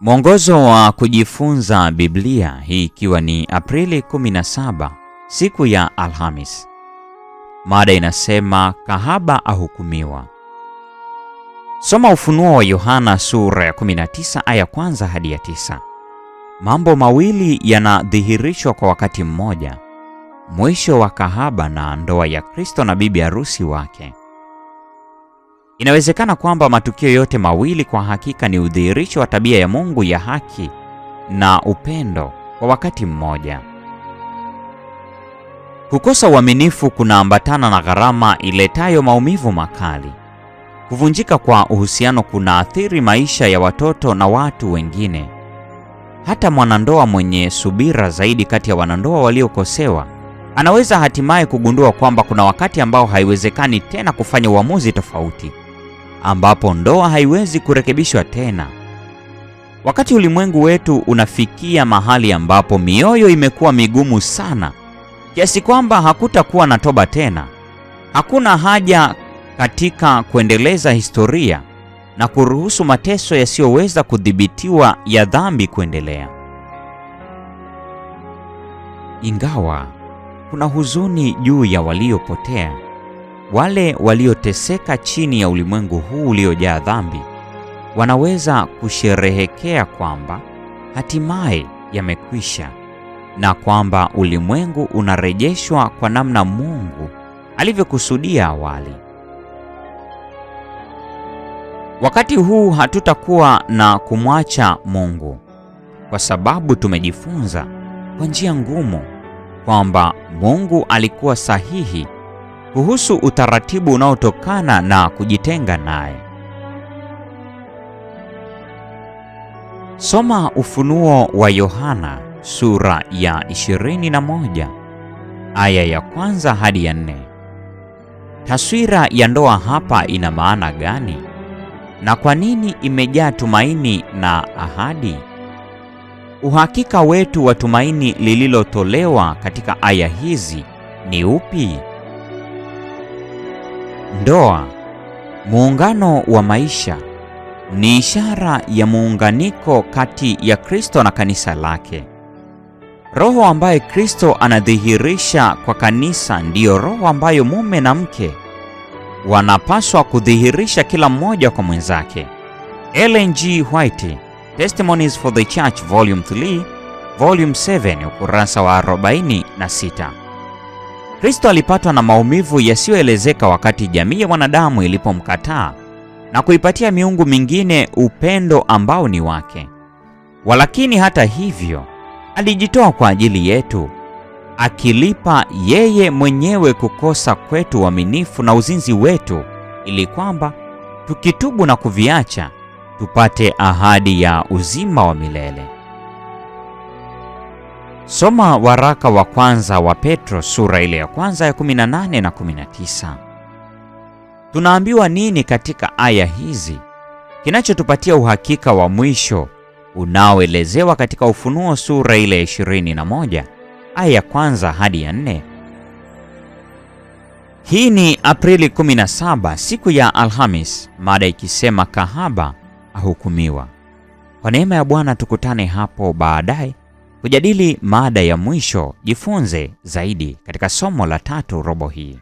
Mwongozo wa kujifunza Biblia, hii ikiwa ni Aprili 17, siku ya Alhamis. Mada inasema kahaba ahukumiwa. Soma Ufunuo wa Yohana sura ya 19 aya kwanza hadi ya tisa. Mambo mawili yanadhihirishwa kwa wakati mmoja: mwisho wa kahaba na ndoa ya Kristo na bibi harusi wake. Inawezekana kwamba matukio yote mawili kwa hakika ni udhihirisho wa tabia ya Mungu ya haki na upendo kwa wakati mmoja. Kukosa uaminifu kunaambatana na gharama iletayo maumivu makali. Kuvunjika kwa uhusiano kunaathiri maisha ya watoto na watu wengine. Hata mwanandoa mwenye subira zaidi kati ya wanandoa waliokosewa anaweza hatimaye kugundua kwamba kuna wakati ambao haiwezekani tena kufanya uamuzi tofauti ambapo ndoa haiwezi kurekebishwa tena. Wakati ulimwengu wetu unafikia mahali ambapo mioyo imekuwa migumu sana kiasi kwamba hakutakuwa na toba tena, hakuna haja katika kuendeleza historia na kuruhusu mateso yasiyoweza kudhibitiwa ya dhambi kuendelea. Ingawa kuna huzuni juu ya waliopotea wale walioteseka chini ya ulimwengu huu uliojaa dhambi wanaweza kusherehekea kwamba hatimaye yamekwisha na kwamba ulimwengu unarejeshwa kwa namna Mungu alivyokusudia awali. Wakati huu hatutakuwa na kumwacha Mungu kwa sababu tumejifunza kwa njia ngumu kwamba Mungu alikuwa sahihi kuhusu utaratibu unaotokana na kujitenga naye. Soma Ufunuo wa Yohana sura ya 21 aya ya kwanza hadi ya nne. Taswira ya ndoa hapa ina maana gani? Na kwa nini imejaa tumaini na ahadi? Uhakika wetu wa tumaini lililotolewa katika aya hizi ni upi? Ndoa, muungano wa maisha, ni ishara ya muunganiko kati ya Kristo na kanisa lake. Roho ambaye Kristo anadhihirisha kwa kanisa ndiyo roho ambayo mume na mke wanapaswa kudhihirisha kila mmoja kwa mwenzake. Ellen G. White, Testimonies for the Church, Volume 3, Volume 7, ukurasa wa 46. Kristo alipatwa na maumivu yasiyoelezeka wakati jamii ya wanadamu ilipomkataa na kuipatia miungu mingine upendo ambao ni wake. Walakini hata hivyo, alijitoa kwa ajili yetu, akilipa yeye mwenyewe kukosa kwetu uaminifu na uzinzi wetu, ili kwamba tukitubu na kuviacha tupate ahadi ya uzima wa milele. Soma waraka wa kwanza wa Petro sura ile ya kwanza ya 18 na 19. Tunaambiwa nini katika aya hizi kinachotupatia uhakika wa mwisho unaoelezewa katika Ufunuo sura ile ya 21 aya ya kwanza hadi ya 4? Hii ni Aprili 17, siku ya Alhamis, mada ikisema kahaba ahukumiwa. Kwa neema ya Bwana tukutane hapo baadaye kujadili mada ya mwisho. Jifunze zaidi katika somo la tatu robo hii.